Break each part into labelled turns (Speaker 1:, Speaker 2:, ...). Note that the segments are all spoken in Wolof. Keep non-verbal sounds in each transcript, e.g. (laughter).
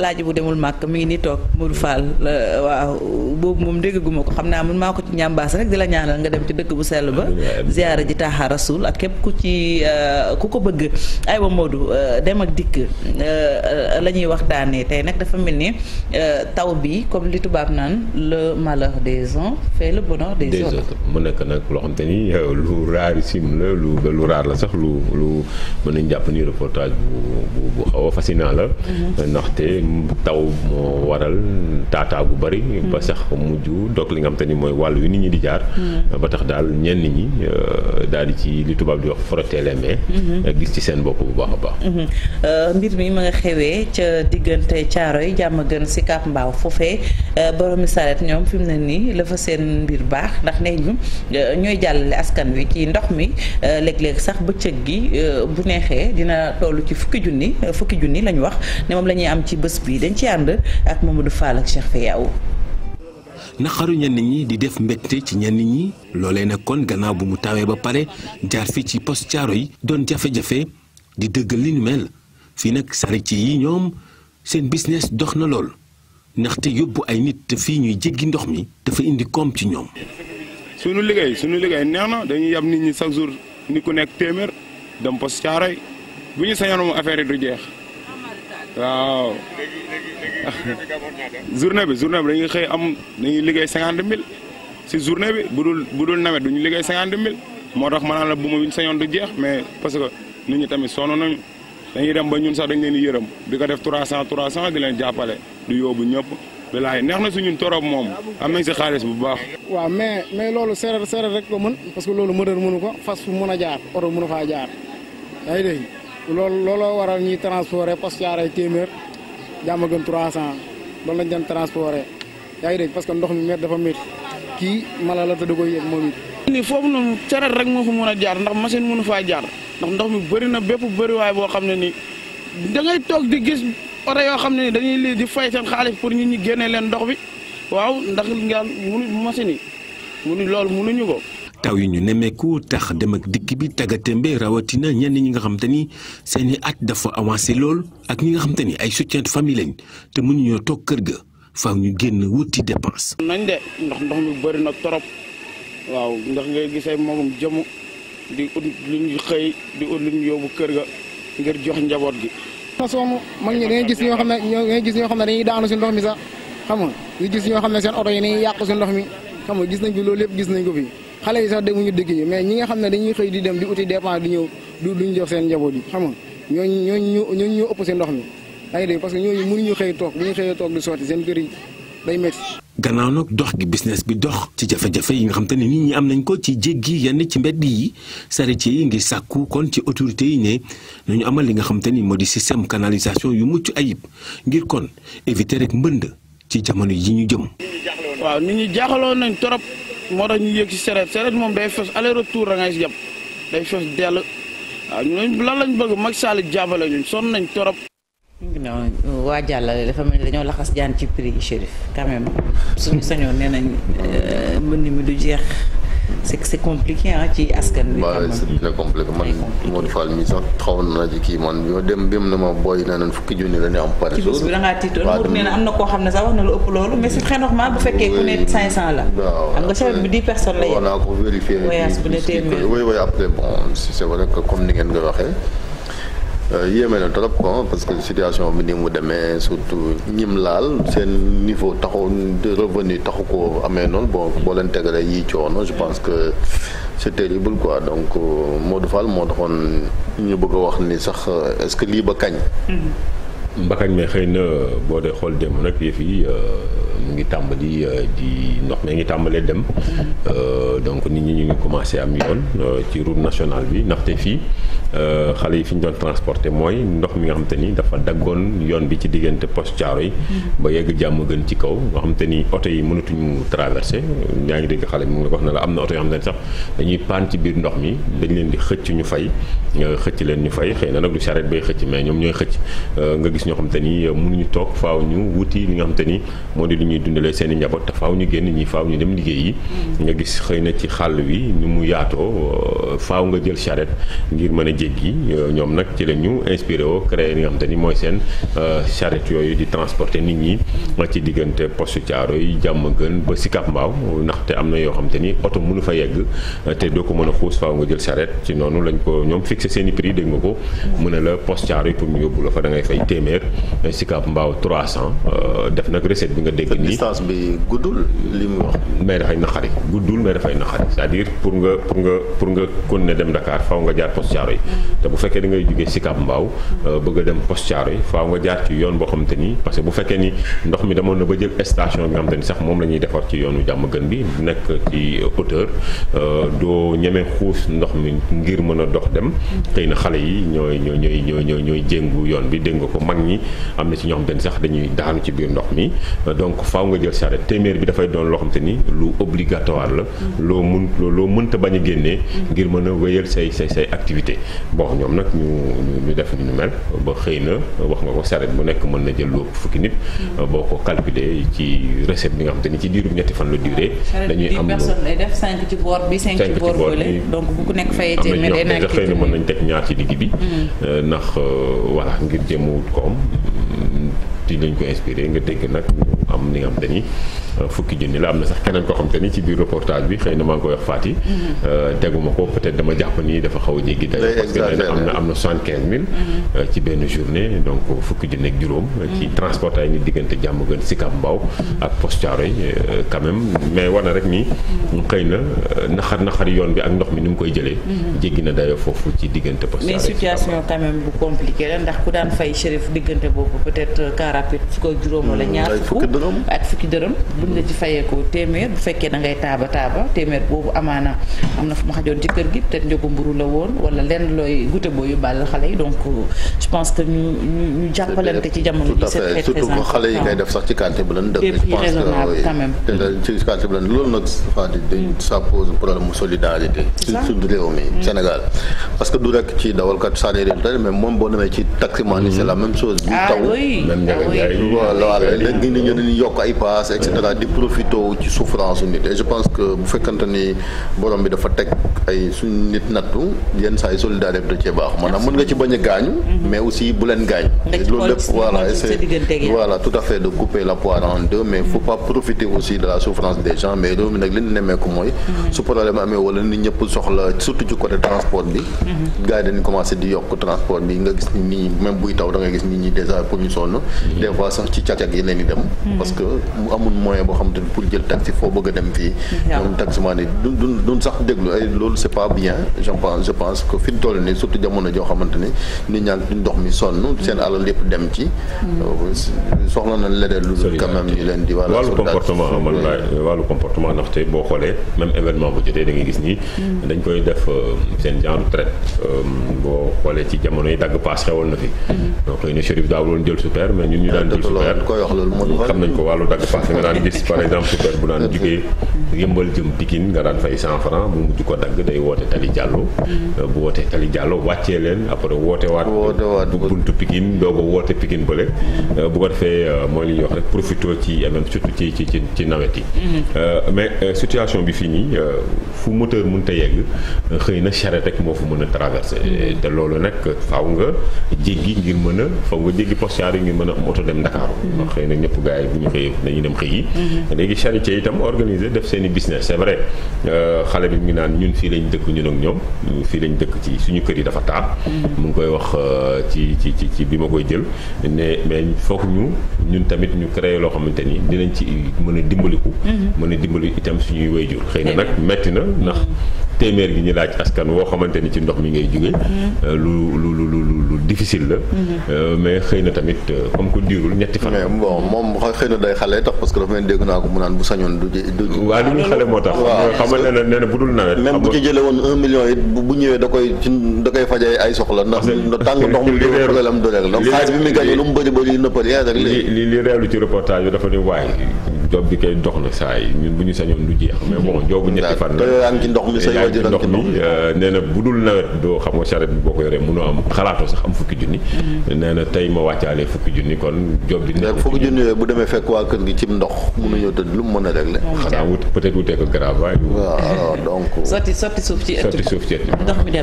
Speaker 1: alaaji bu demul màkk mi ngi nii toog Modou Fall waaw boobu moom dégguma ko xam naa mun maa ko ci ñambaas rek la ñaanal nga dem ci dëkk bu sell ba ziyaara ji taaxa rasul ak képp ku ci euh, ku ko bëgg aywa euh, dem ak dikk euh, la ñuy waxtaanee tey nag dafa mel ni taw bi comme li tubaab naan le malheur des uns
Speaker 2: mu nekk nag loo xam te lu la lu lu raar la sax lu mën nañ jàpp ni reportage bu bu bu xaw a mm-hmm. ndaxte taw moo waral taataa gu bëri. ba mm. sax mujj dog li nga xam te ni mooy wàll wi nit ñi di jaar. Mm. ba tax daal ñenn ñi euh, daal di ci li tubaab di wax frotter les mains. Mm-hmm. Euh, gis ci seen bopp bu baax a baax. Mm-hmm.
Speaker 1: Euh, mbir mi ma nga xewee ca diggante caaro yi jàmm gën si Cap Mbaaw foofee boromi saret ñoom fi mu ne nii la fa seen mbir baax ndax nee ñu ñooy jàllale askan wi ci ndox mi léeg-léeg sax bëccëg gi bu neexee dina toll ci fukki junni fukki junni lañu wax ne moom am bii dañ ci ànd ak Mamadou Fall ak Cheikh Fayaw.
Speaker 3: naxaru ñenn ñi di def mbette ci nit ñi loole nag kon gannaaw bu mu tawee ba pare jaar fii ci post caaro yi doon jafe-jafe di dëgg li mel fii nag saret yi ñoom seen business dox na lool ndaxte yóbbu ay nit te fii ñuy jéggi ndox mi dafa indi koom ci ñoom. suñu liggéey suñu liggéey neex na dañuy yab nit ñi chaque jour ni ku nekk téeméer dem post caaro yi bu ñu sañoon affaire du jeex. waaw. journée bi journée bi dañuy xëy am nañuy liggéey cinquante mille si journée bi bu dul bu dul nawet du ñu liggéey cinquante mille moo tax ma la bu ma wiñ sañoon du jeex mais parce que nit ñi tamit sonn nañu dañuy dem ba ñun sax dañ leen di yërëm di ko def trois cent trois cent di leen jàppale du yóbbu ñëpp bilaay neex na suñu torop moom am nañ si xaalis bu baax. waaw mais mais loolu seereer seereer rek ko mën parce que loolu mënër mënu ko fas fu mën a jaar oto mën a faa jaar yaa loolu looloo waral ñuy transporter Poste Thiaroye téeméer Diamaguène 300 loolu lañ doon transporter yaa ngi dégg parce que ndox mi métti dafa métti kii mala la te da koy yëg moom it. ni foofu noonu charrette rek moo fa mën a jaar ndax machine mënu faa jaar ndax ndox mi bëri na bépp bëriwaay boo xam ne nii da ngay toog di gis oto yoo xam ne ni dañuy lii di fay seen xaalis pour nit ñi génnee leen ndox bi waaw ndax nga mënu machine yi mënu loolu mënuñu ko. taw yi ñu nemee ko tax dem ak dikk bi tàggatémbe rawatina ñenn ñi nga xam te ni seeni at dafa avancé lool ak ñi nga xam te ni ay soutien de famille lañ te mënuñoo toog kër ga faaw ñu génn wuti dépense. nañ de ndax ndox mi bëri na trop waaw ndax ngay gisee moom jëmu di ut luñ xëy di ut luñ yóbbu kër ga ngir jox njaboot gi.
Speaker 4: na soomu mag ñi dañuy gis ñoo xam daanu si ndox mi sax xam nga gis ñoo xam ne seen oto yi dañuy yàq si ndox mi xam nga gis nañ ko loolu lépp gis nañ ko fi. xale yi sax demuñu dëkk yi mais ñi nga xam ne dañuy xëy di dem di uti dépense di ñëw jox seen njaboot yi xam nga ñoo ëpp seen ndox mi yaa xëy toog ñu xëyee toog di sotti seen kër yi day métti.
Speaker 3: gannaaw nag dox gi business bi dox ci jafe-jafe yi nga xam te ne nit am nañ ko ci jéggi yenn ci mbedd yi charretier yi ngir sàkku kon ci autorité yi ne nañu amal li nga xam te ni moo di système canalisation yu mucc ayib ngir kon éviter rek mbënd ci jamono yi ñu jëm. waaw nit ñi jaaxaloon nañ trop moo tax ñu yéeg si sereet sereet moom day fees aller retour da ngay day fees dell waaw ñu lan lañ bëgg Macky Sall jàppale ñun
Speaker 1: sonn nañ torop non waa jàllale dafa mel ni dañoo laxas jaan ci prix yi Chérif quand même suñu sañoon nee nañ euh, mbënd mi du jeex c' est c' est compliqué ah ci askan wi. waaw c' est
Speaker 4: très compliqué man Modou Fall mi sax xawoon naa ci kii man bi dem bi mu ne ma booy na fukki junni la ñu am par jour. bi da tiitoon Mour nee na am
Speaker 1: na koo xam ne sax wax na lu ëpp loolu mais c'est très normal bu fekkee ku ne 500 la. xam nga chef bi 10 personnes la yem. voilà
Speaker 4: ko vérifié voyage bu ne téeméer oui oui après bon c' est vrai que comme ni ngeen nga waxee. Euh, yéeme na trop kon parce que situation bi ni mu demee surtout ñim laal seen niveau taxu de revenu taxu ko amee noonu bon boo leen tegalee yi coono je pense que c'est terrible quoi donc euh, Modou Fall moo taxoon ñu bëgg a wax ni sax euh, est-ce que lii ba kañ. ba kañ xëy na boo dee xool démb nag yëf yi.
Speaker 2: mu ngi tàmbali euh, di ndox mi ngi euh, ñu ngi commencé am yoon euh, ci route nationale bi ndaxte fii xale yi fi ñu doon transporter mooy ndox mi nga xam te ni dafa daggoon yoon bi ci diggante poste Thiaroye yi mm-hmm. ba yegg jàmm gën ci kaw nga xam te ni oto yi mënatuñu traversé yaa ngi dégg xale bi mu ngi wax ne la am na oto yoo xam te ni sax dañuy paan ci biir ndox mi dañ leen di xëcc ñu fay xëcc leen ñu fay xëy na nag du charrette bay xëcc mais ñoom ñooy xëcc nga gis ñoo xam te ni mënuñu toog faaw ñu wuti li nga xam te ni moo di lu dundale seen i njaboot te faw ñu génn ñi faaw ñu dem liggéey yi mm-hmm. nga gis xëy na ci xàll wi ni mu yaatoo faw nga jël charrette ngir mën a jéggi ñoom nag ci la ñu inspiré woo créé li nga xam te mooy seen euh, charrette yooyu di transporter nit ñi mm-hmm. ci diggante poste caaro yi jàmm gën ba Sicap Mbao ndaxte am na yoo xam te ni oto mënu fa yegg te doo ko mën a xuus faaw nga jël charrette ci noonu lañ ko ñoom fixé seen i prix dégg nga ko mën mm-hmm. la poste caaro yi pour ñu yóbbu la fa da ngay fay téeméer Sicap Mbao 300 euh, def nag recette bi nga dégg nii distance bi guddul li mu wax. mais dafay naqari guddul mais dafay naqari cest à diir pour nga pour nga pour nga kon continuer dem Dakar faw nga jaar poste Thiaroye te bu fekkee da ngay jógee Sicap Mbao euh, bëgg a dem poste yi faaw nga jaar ci yoon boo xam te ni parce que bu fekkee ni ndox mi demoon na ba jël station bi nga xam te ni sax moom la ñuy defar ci yoonu jàmm gën bi nekk ci hauteur euh, doo ñeme xuus ndox mi ngir mën a dox dem tey na xale yi ñooy ñooy ñooy ñooy ñooy jéngu yoon bi dégg nga ko mag ñi am na ci ñoo xam sax dañuy daanu ci biir ndox mi euh, faaw nga jël charette téeméer bi dafay doon loo xam te ni lu obligatoire la. loo mun loo mënta bañ a génnee. ngir mën a wéyal say say say activité boo ñoom nag ñu ñu def ñu mel ba xëy na wax nga ko charette bu nekk mën na jël lu fukki nit. Mm-hmm. boo ko calculer ci recette bi nga xam te ni ci diirub ñetti fan la durée. dañuy am personne
Speaker 1: lay def 5 ci boor bi 5 ci boor bële
Speaker 2: donc bu ku nekk fayee téeméer day nag xëy na mën nañ teg ñaar ci digg bi. Mm-hmm. ndax euh, voilà ngir jéem a wut koom ko inspiré nga dégg nag. am li nga xam te ni euh, fukki junni la am na sax keneen koo xam te ni ci biir reportage bi xëy na maa ngi koy wax euh, teguma ko peut dama jàpp ni dafa xaw a jéggi day parce que nee na am na am na mm-hmm. euh, ci benn journée donc fukki junni ak juróom. ci mm-hmm. transport ay nit diggante Diamaguène Sicap Mbao mm-hmm. ak Poste Thiaroye war na rek ni. xëy na naxar naxar yoon bi ak ndox mi ni mu koy jëlee. jéggi na dayoo foofu ci diggante Poste Thiaroye mais situation
Speaker 1: quand même bu compliqué la ndax ku daan fay Chérif diggante boobu peut-être car rapide juróom wala ñaar fukk dërëm ak fukki dërëm buñ la ci fayeekoo téeméer bu fekkee da ngay taaba taaba téeméer boobu amaana am na fu ma xajoon ci kër gi peut-être njëgu mburu la woon wala lenn looy goûté boo yu bàll xale yi donc euh, je pense que ñu ñu ñu jàppalante ci jamono ji c'est très surtout que xale yi ngay
Speaker 4: def sax ci quartier bu leen dëkk je pense que quand même ci quartier bu leen loolu nag ah, mm. ça pose problème mu solidarité surtout réew mi mm. Sénégal parce que du rek ci dawalkat saani réew mais moom boo demee ci taximan ni c'est la mm-hmm. même chose bu ah taw même ah di yokk que bu fekkante ni borom bi dafa teg ay suñ nit nattu yenn saa yi solidarité cee baax maanaam mën nga ci bañ a gaañu mhm. mais aussi bu leen gaañ loolu lépp voilà de couper la poire en deux mais faut pas profiter aussi de la souffrance des gens mais réew mi nag li nemmeeku mooy mhm. su problème amee wala nit ñëpp soxla surtout ci côté transport bi mhm. gars yi dañu commencé di yokk transport bi nga gis ni nit ñi même buy taw da gis nit ñi déjà pour ñu sonn des fois sax ci cag-cag yi di dem parce que mu amul moyen boo xam te pour jël taxi foo bëgg a dem fii ñoom taximan yi sax déglu ay loolu c'est pas bien je pense je pense que fi ñu toll nii surtout jamono joo xamante ni nit ñaa ngi dox mi sonn seen alal lépp dem ci mm. euh, soxla na leneen lu dul quand même ñu leen di voilà wàllu
Speaker 2: comportement man laay wàllu comportement ndaxte boo xoolee même événement bu jotee da gis nii mm. dañ koy def euh, seen genre traite euh, boo xoolee ci jamono yi dagg paas xewoon na fi mm. donc xëy na jël super mais ñun ñu ah, daan jël super ko wàllu dagg paas nga par exemple super bu daan jugee yëmbal jëm Pikine nga daan fay 100 francs mu mujj ko dagg day woote Tali Diallo. Mm-hmm. Euh, bu woote Tali Diallo wàccee leen après woote waat. woote waat bu buntu Pikine doo ko woote Pikine bële. Euh, bu ko euh, mooy li wax rek profité ci même surtout ci ci ci ci nawet yi. Mm-hmm. mais situation bi fii nii fu mun te yegg xëy na charrette rek moo fu mën a traversé. Mm-hmm. te loolu nag faw nga jéggi ngir mën a faaw nga jéggi poste yi ngir mën a am dem Dakar. xëy na ñëpp gars bu ñu xëyee dañuy seen i business c'est vrai euh, xale bi mu ngi naan ñun fii lañ dëkk ñun ak ñoom fii lañ dëkk ci suñu kër yi dafa taar mu ngi koy wax euh, ci ci ci ci bi ma koy jël ne mais foog ñu ñun tamit ñu créé loo xamante ni dinañ ci mën a dimbaliku mm-hmm. mën a dimbali itam suñuy wayjur xëy na nag metti na ndax mm-hmm. téeméer gi ñu laaj askan woo xamante ni ci ndox mi ngay jóge mm-hmm. euh, lu lu lu lu difficile la mais xëy na tamit comme ko diirul ñetti fan bon moom xëy na
Speaker 4: day xale tax parce bu ñu xale moo tax. xam nga nee na nee na bu dul nawet. xam bu ci jëlee woon un million it bu ñëwee da koy ci da koy fajee ay soxla ndax. tàng ndox mu dul problème am du rek. li li lu mu bëri bëri nëppal yaa rek. li
Speaker 2: li li réew ci reportage bi dafa ni waay. job bi kay ndox la saa yi ñun bu ñu sañoon du jeex. mais bon joobu ñetti sa euh, am fukki junni. Mm-hmm. nee na tey ma wàccaale fukki junni kon job bi. nekk fukki
Speaker 4: junni yooyu bu demee fekk waa kër gi cim ndox mënuñoo
Speaker 2: tëdd lu mu ci
Speaker 1: ëtt. sotti suuf ci ëtt ndox mi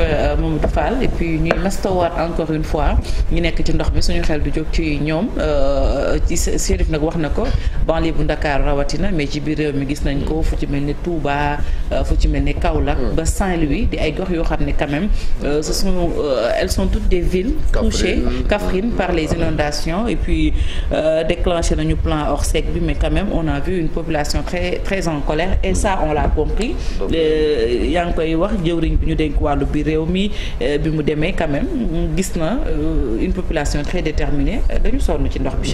Speaker 1: euh, euh, ñuy mastawaat encore une fois ñu nekk ci ndox mi suñu xel du jóg ci ñoom Chérif nag wax na ko banlieue bu Ndakaaru rawatina mais ci biir réew mi gis nañ ko fu ci mel ni Touba euh, fu ci mel ni Kaolack mm. ba Saint-Louis di ay gox yoo xam ne quand même euh, ce sont euh, elles sont toutes des villes touchées Kaffrine par les inondations et puis déclenché nañu plan Orsec bi mais quand on a vu une population très très en colère et ça on l'a compris mm. yaa ngi koy wax jëwriñ bi ñu dénk wàllu bi réew mi bi mu demee quand gis na une population très déterminée dañu sonn ci ndox bi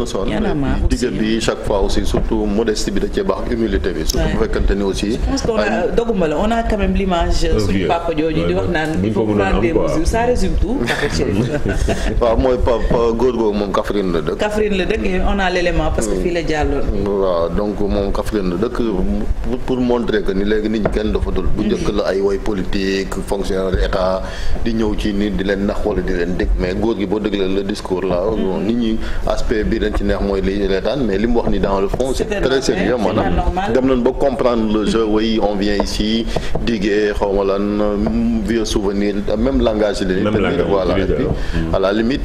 Speaker 4: gën a sonn. digal bi chaque fois aussi surtout modestie bi da cee baax humilité bi. surtout bu fekkante ni aussi.
Speaker 1: a doguma la on a quand même l'image euh, euh, suñu papa jooju di wax naan il faut prendre des mesures ça résume
Speaker 4: tout. (laughs) (laughs) waaw mooy la dëkk.
Speaker 1: Kaffrine la dëkk on a l'élément parce que mm. fii la jàlloon.
Speaker 4: waaw donc moom Kaffrine la dëkk pour montrer que ni léegi nit ñi kenn dafa bu njëkk la ay way politique fonctionnaire de état di ñëw ci nit di leen nax wala di leen dégg mais góor gi boo déglee le discours là mm. nit ñi aspect leen ci neex mooy li reetaan mais li mu wax ni dans le fond c'est très sérieux maanaam dem nañ ba comprendre le jeu oui on vient ici digee xawma lan vieux souvenir même langage voilà et puis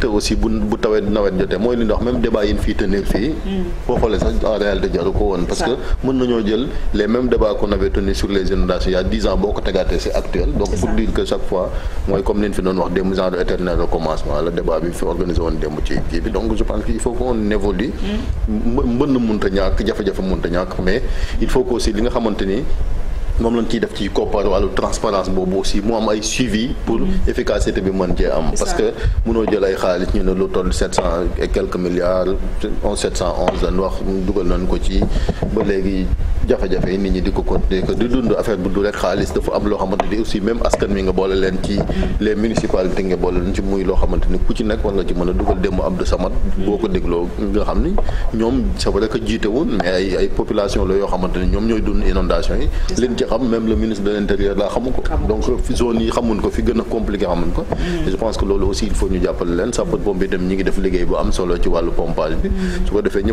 Speaker 4: mm. aussi bu tawee nawet jotee mooy li ñu wax même yi ñu fii tenir fii mm. boo xoolee sax en réalité jaru ko woon parce que mën nañoo jël les mêmes débats qu'on avait tenus sur les inondations il a dix ans boo ko tegaatee c'est actuel donc pour dire que chaque fois mooy comme li évolue mbënn munta ñàkk jafe-jafe munta ñàkk mais il faut que aussi li nga xamante ni moom lañ ciy def ci koppar wàllu transparence boobu aussi mu am ay suivi pour efficacité bi mën cee am parce que mënoo jël ay xaalis ñu ne lu toll sept cent et quelques milliards sept wax dugal nañ ko ci ba léegi jafe-jafe yi nit ñi di ko continuer que di dund affaire bu du rek xaalis dafa am loo xamante aussi même askan mi nga boole leen ci les municipalités nga boole leen ci muy loo xamante ñoom ñooy dund inondation yi leen ci xam même le ministre de l'intérieur laa xamu ko donc zone yi xamun ko fi gën a compliqué xamun ko mm. je pense que loolu aussi il faut ñu jàppale leen sapeur pompier dem ñi ngi def liggéey bu am solo ci wàllu pompage bi mm. su ko defee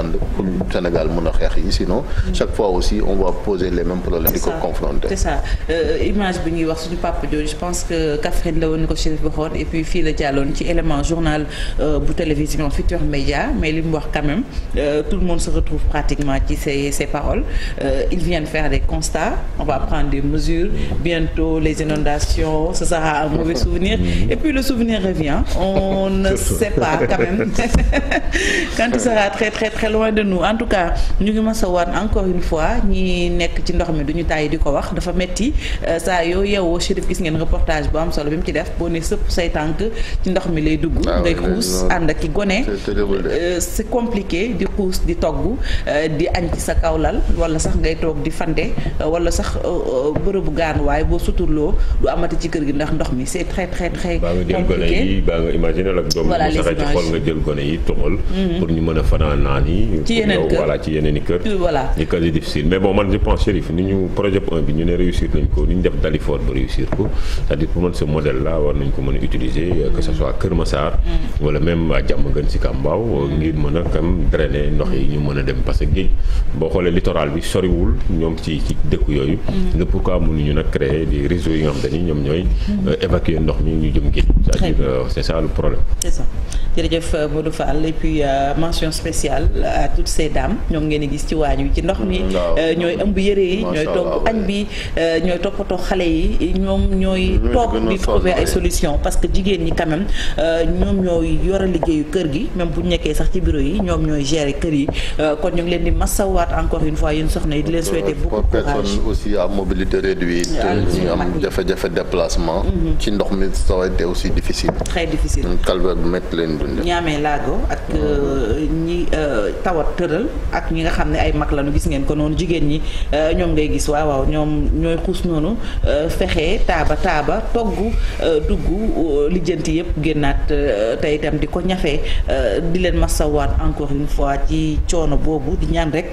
Speaker 4: ànd pour Sénégal mën a yi sinon chaque fois aussi on va poser les mêmes problèmes di confronter c'est
Speaker 1: ça euh, image bi ñuy wax suñu papa jooju je pense que Kaffrine la woon ko Chérif waxoon et puis fii la jàlloon ci élément journal euh, bu télévision Futurs Médias mais li mu wax quand même euh, tout le monde se retrouve pratiquement ci ces ces paroles ils viennent faire des constats on va prendre des mesures bientôt les inondations ce sera un mauvais souvenir mm-hmm. et le souvenir revient on (laughs) très loin de nous en tout cas ñu ngi masawaat encore une fois ñi nekk ci ndox mi du ñu tàyyi di ko wax dafa metti euh, saa yoo yeewoo Chérif gis ngeen reportage bu am solo bi mu ci def boo ne sëpp say tànk ci ndox mi lay dugg ngay ah, xuus ànd ak ki gone euh, c'est compliqué di xuus di togg euh, di añ ci sa kawlal wala sax ngay toog di fande wala sax bërëbu gaan waaye boo suturloo du amati ci kër gi ndax ndox mi c'est très très très compliqué baa nga jël gone yi
Speaker 2: baa nga imaginer ak doom yi sax ci nga jël gone yi toxal mm-hmm. pour ñu mën a fanaan naan yi. ci yeneen kër voilà ci yeneen i kër. voilà ñu difficile mais bon man je pense ni ñu projet 1 bi ñu ne réussir nañ ko ni ñu def Dalifort ba réussir ko c'est-à-dire man ce modèle là war nañ ko mën a utiliser euh, que ce soit Kër Massar. Mm. wala même à Diamaguène Sicap Mbao euh, mm. ngir mën a kam drainer ndox yi ñu mën a dem parce que géej boo xoolee littoral bi soriwul ñoom ci ci dëkk yooyu. nga mm. pourquoi mënuñu nag créer des réseaux yi nga xam te ni ñoom ñooy euh, évacuer ndox mi ñu jëm géej cest à problème.
Speaker 1: C'est jërëjëf euh, Modou Fall et puis euh, mention spéciale à toutes ces ñoom ngeen a gis ci waañ wi ci ndox mi mm, euh, ñooy ëmb yëre yi ñooy togg añ bi ñooy toppatoo xale yi ñoom ñooy toog di trouver ay solution parce que jigéen ñi quand même ñoom ñooy yore liggéeyu kër gi même bu ñu nekkee sax ci bureau yi ñoom ñooy gérer kër yi kon ñu leen di massawaat encore une fois yéen soxna yi di leen souhaiter beaucoup de courage personne
Speaker 4: aussi à mobilité réduite ah, ñu am jafe-jafe déplacement mm-hmm. ci ndox mi soo a été aussi difficile
Speaker 1: très ñaamee laago ak euh, ñi euh, tawat tëral ak ñi nga xam ne ay mag lañu gis ngeen ko noonu jigéen ñi euh, ñoom ngay gis waaw waaw ñoom ñooy xuus noonu fexe taaba taaba togg dugg lijjanti yëpp génnaat tey itam di ko ñafee di leen masawaat encore une fois ci coono boobu di ñaan rek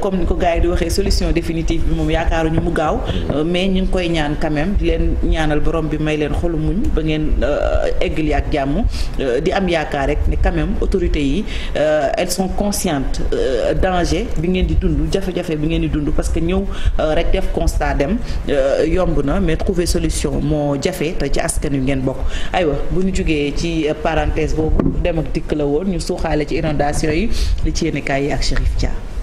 Speaker 1: comme ni ko gars yi di waxee solution définitive bi moom ñu mu gaaw mais ñu ngi koy ñaan quand di leen ñaanal borom bi may leen xolu muñ ba ngeen eggali ak jàmm di am yaakaar rek ni quand même autorités yi euh, elles sont conscientes euh, danger bi ngeen di dund jafe-jafe bi ngeen di dund parce que ñëw euh, rek def constat dem yomb na mais trouver solution moo jafe te ci askan wi ngeen bokk aywa bu ñu jugee ci parenthèse boobu dem ak dikk la woon ñu suuxaale ci inondation yi li ci yéene kaay yi ak Chérif Dia